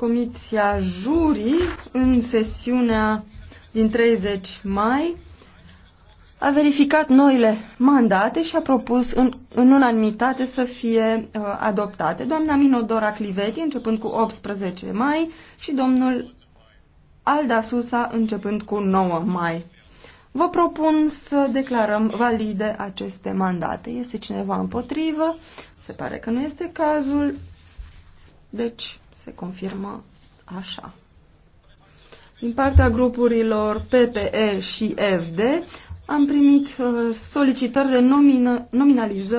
Comisia Jurii, în sesiunea din 30 mai, a verificat noile mandate și a propus în, în unanimitate să fie uh, adoptate. Doamna Minodora Cliveti, începând cu 18 mai, și domnul Alda Susa, începând cu 9 mai. Vă propun să declarăm valide aceste mandate. Este cineva împotrivă? Se pare că nu este cazul. Deci, se confirmă așa. Din partea grupurilor PPE și FD am primit uh, solicitări de nominalizări